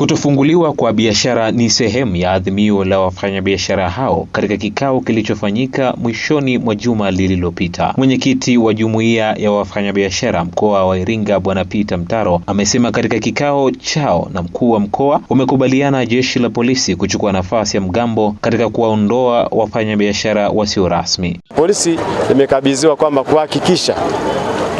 Kutofunguliwa kwa biashara ni sehemu ya adhimio la wafanyabiashara hao katika kikao kilichofanyika mwishoni mwa juma lililopita. Mwenyekiti wa jumuiya ya wafanyabiashara mkoa wa Iringa Bwana Peter Mtaro amesema katika kikao chao na mkuu wa mkoa wamekubaliana jeshi la polisi kuchukua nafasi ya mgambo katika kuwaondoa wafanyabiashara wasio rasmi. Polisi imekabidhiwa kwamba kuhakikisha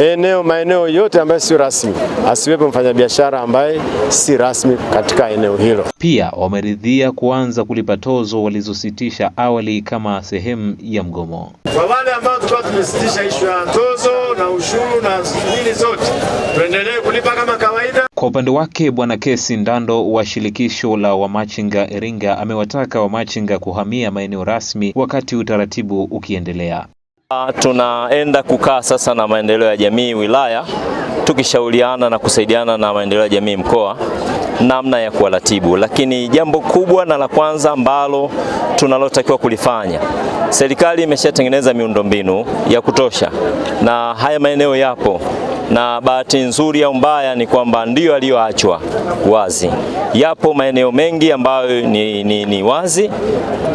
eneo maeneo yote ambayo sio rasmi, asiwepo mfanyabiashara ambaye si rasmi katika eneo hilo. Pia wameridhia kuanza kulipa tozo walizositisha awali kama sehemu ya mgomo. Kwa wale ambao tulikuwa tumesitisha ishu ya tozo na ushuru na nini zote, tuendelee kulipa kama kawaida. Kwa upande wake Bwana Kesi Ndando wa shirikisho la wamachinga Iringa amewataka wamachinga kuhamia maeneo rasmi wakati utaratibu ukiendelea. Ah, tunaenda kukaa sasa na maendeleo ya jamii wilaya, tukishauriana na kusaidiana na maendeleo ya jamii mkoa namna ya kuwaratibu. Lakini jambo kubwa na la kwanza ambalo tunalotakiwa kulifanya, serikali imeshatengeneza miundombinu ya kutosha na haya maeneo yapo na bahati nzuri au mbaya ni kwamba ndiyo aliyoachwa wazi. Yapo maeneo mengi ambayo ni, ni, ni wazi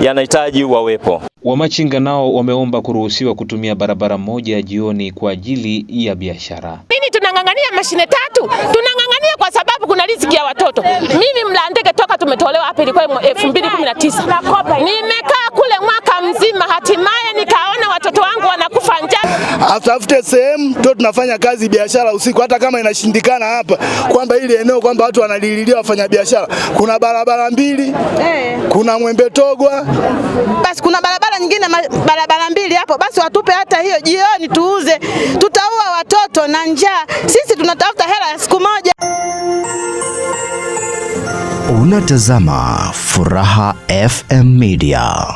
yanahitaji wawepo. Wamachinga nao wameomba kuruhusiwa kutumia barabara moja ya jioni kwa ajili ya biashara. Mimi tunang'ang'ania mashine tatu, tunang'ang'ania kwa sababu kuna riziki ya watoto. Mimi Mlandege toka tumetolewa hapa ilikuwa 2019. Nimekaa kule mwaka mzima, hatimaye nikaona watoto wangu wanakufa njaa. Atafute sehemu ndio tunafanya kazi biashara usiku, hata kama inashindikana hapa, kwamba ili eneo kwamba watu wanalililia wafanya biashara. Kuna barabara mbili, eh. kuna Mwembe Togwa, basi kuna barabara zingine barabara mbili hapo, basi watupe hata hiyo jioni tuuze, tutaua watoto na njaa. Sisi tunatafuta hela ya siku moja. Unatazama Furaha FM Media.